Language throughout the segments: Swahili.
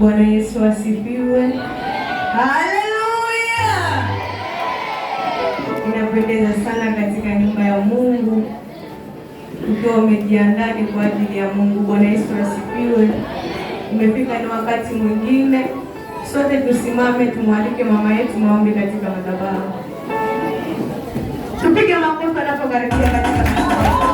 Bwana Yesu asifiwe. Haleluya! Inapendeza sana katika nyumba ya Mungu ukiwa umejiandaa kwa ajili ya Mungu. Bwana Yesu asifiwe. Umefika ni wakati mwingine, sote tusimame, tumwalike mama yetu maombi katika madhabahu. Tupige makofi anapokaribia katika madhabahu.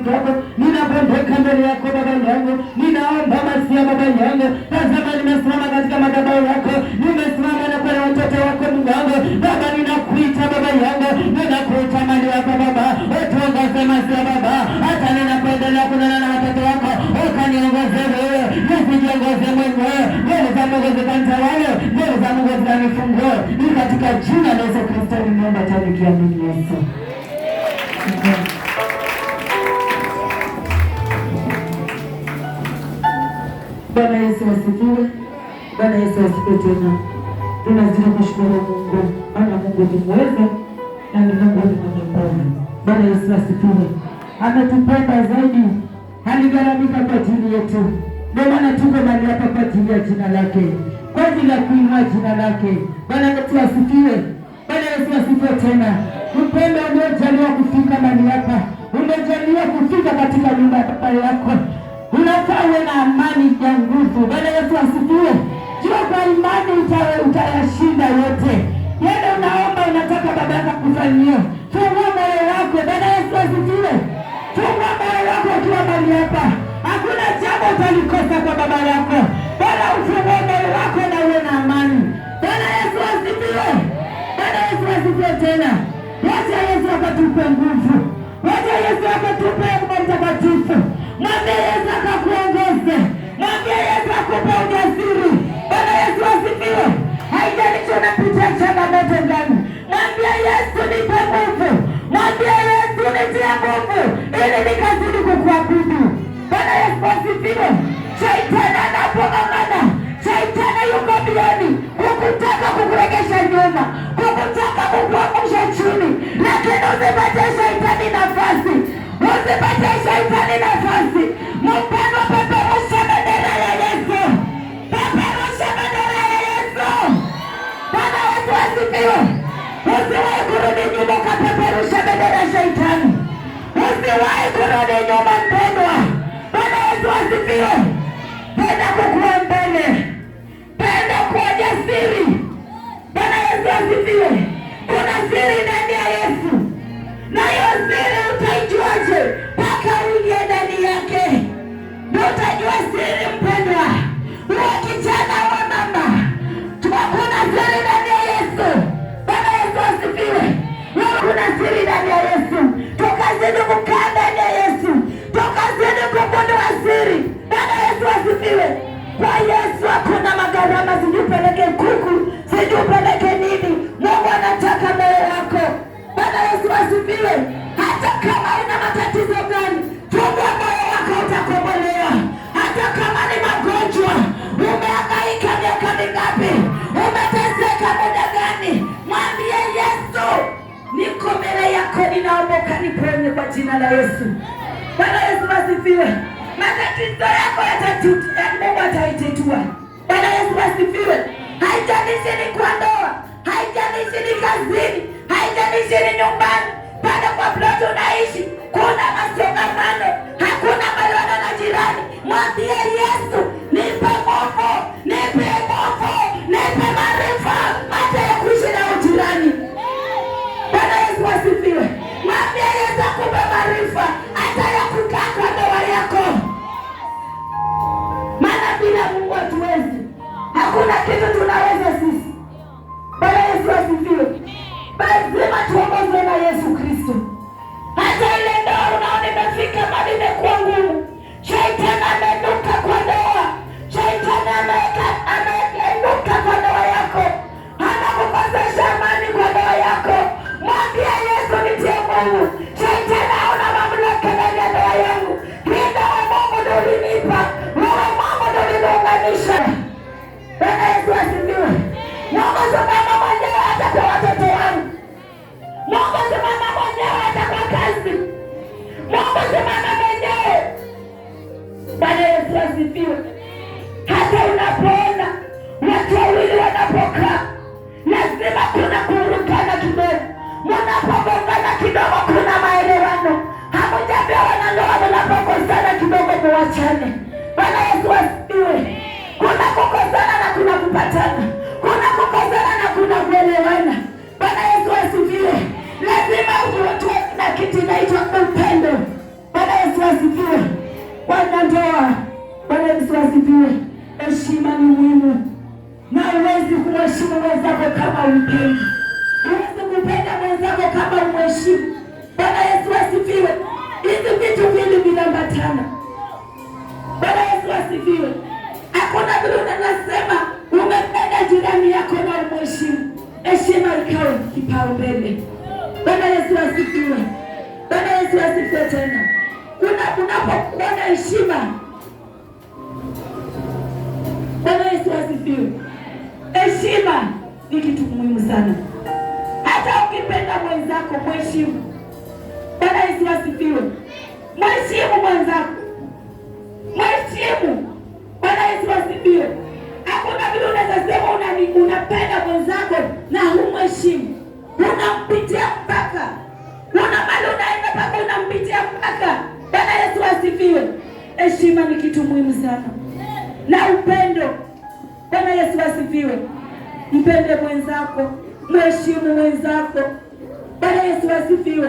mdogo, ninapondeka mbele yako baba yangu, ninaomba masia baba yangu. Tazama, nimesimama katika madhabahu yako, nimesimama na kwa watoto wako Mungu wangu baba, ninakuita baba yangu, ninakuita mali yako baba, utuongoze masia baba, hata ninapoendelea kunena na watoto wako ukaniongoze wewe, nisijiongoze mwenyewe. Nguvu za Mungu zikanitawale, nguvu za Mungu zikanifungue, ni katika jina la Yesu Kristo nimeomba tanikiamini Yesu asifiwe. Bwana Yesu asifiwe. Tena tunazidi kushukuru Mungu, maana Mungu ni mweza na ni Mungu ni mwenye nguvu. Bwana Yesu asifiwe. Ametupenda zaidi, aligharamika kwa ajili yetu, ndio maana tuko mahali hapa kwa ajili ya jina lake, kwa ajili ya kuinua jina lake. Bwana Yesu asifiwe. Bwana Yesu asifiwe tena. Upendo uliojaliwa kufika mahali hapa, umejaliwa kufika katika nyumba ya baba yako Mnakawe na amani nguvu Bwana Yesu asifiwe. Jua kwa imani utayashinda yote yale unaomba, unataka baba yako kufanyia. Fungua moyo wako. Bwana Yesu asifiwe. Fungua moyo wako ukiwa mali hapa, hakuna jambo utalikosa kwa baba yako. Bwana ufungue moyo wako na uwe na amani. Bwana Yesu asifiwe. Bwana Yesu asifiwe tena. Wacha Yesu akatupe nguvu. Wacha Yesu akatupe Roho Mtakatifu. Mwambie Yesu akakuongoze, mwambie Yesu akupe ujasiri. Bwana Yesu asifiwe. Haijalishi unapitia changamoto gani, mwambie Yesu nipe nguvu, mwambie Yesu nitie nguvu ili nikazidi kukuabudu. Bwana Yesu asifiwe. Shaitani anapong'ang'ana, shaitani yuko mbioni kukutaka kukuregesha nyuma, kukutaka kukuangusha chini, lakini usipate Obrigado, gharama, sijui upeleke kuku, sijui upeleke nini. Mungu anataka moyo wako. Bwana Yesu asifiwe. Hata kama una matatizo gani, tungua moyo wako, utakombolewa. Hata kama ni magonjwa, umehangaika miaka mingapi, umeteseka muda gani, mwambie Yesu, niko mbele yako, ninaomboka, niponye kwa jina la Yesu. Bwana Yesu asifiwe. Matatizo yako yatatutua, Mungu ataitatua. Bwana Yesu asifiwe. Haijalishi ni kwa ndoa, haijalishi ni kazini, haijalishi ni nyumba wachane. Bwana Yesu asifiwe. Kuna kukosana na kuna kupatana, kuna kukosana na kuna kuelewana. Bwana Yesu asifiwe. Lazima utuwe na kitu inaitwa upendo. Bwana Yesu asifiwe. Bwana ndoa, Bwana Yesu asifiwe. Heshima ni muhimu, na uwezi kuheshimu mwenzako kama umpendi, uwezi kupenda mwenzako kama umheshimu. Bwana Yesu asifiwe. Hizi vitu vili vinambatana asifiwe. Hakuna vile unasema umependa jirani yako na umheshimu. Heshima ikawe kipaumbele. Bwana Yesu asifiwe. Bwana Yesu asifiwe tena. Kuna unapokuwa na heshima. Bwana Yesu asifiwe. Heshima ni kitu muhimu sana. Hata ukipenda mwenzako mheshimu. Bwana Yesu asifiwe. Mheshimu mwenzako. kitu muhimu sana, na upendo. Bwana Yesu asifiwe. Mpende mwenzako, mheshimu mwenzako. Bwana Yesu asifiwe.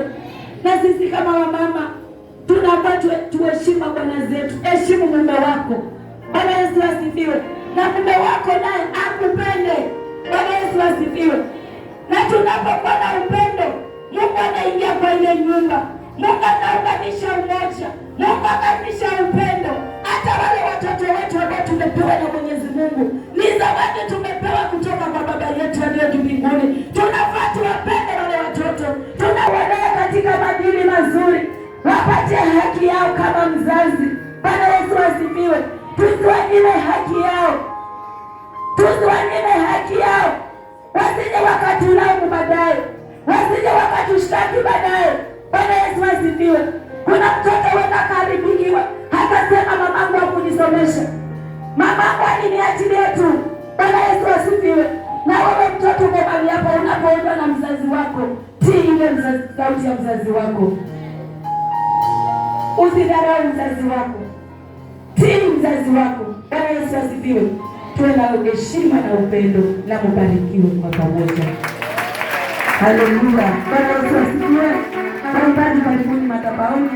Na sisi kama wamama tunapaswa tuheshima bwana zetu. Heshimu mume wako. Bwana Yesu asifiwe. Na mume wako naye akupende. Bwana Yesu asifiwe. Na tunapokuwa na upendo, Mungu anaingia kwa ile nyumba. Mungu anaunganisha umoja. Mungu anaunganisha upendo zawadi wale watoto wetu ambao tumepewa na Mwenyezi Mungu ni zawadi tumepewa kutoka kwa Baba yetu aliye mbinguni. Tunafaa tuwapende wale watoto, tunawalee katika maadili mazuri, wapate haki yao kama mzazi. Bwana Yesu asifiwe. Tusiwanyime haki yao, tusiwanyime haki yao, wasije wakatulaumu baadaye, wasije wakatushtaki baadaye. Bwana Yesu asifiwe. Kuna mtoto wenda karibikiwa akasema mamangu hakunisomesha, mamangu aliniachilia tu. Bwana Yesu asifiwe. Na wewe mtoto uko mahali hapo, unapoenda na mzazi wako, tii ile sauti ya mzazi wako. Usidharau mzazi wako, tii mzazi wako. Bwana Yesu asifiwe. Tuwe na heshima na upendo na mubarikiwe kwa pamoja. Haleluya. Bwana Yesu asifiwe. Waimbaji, karibuni madhabahuni.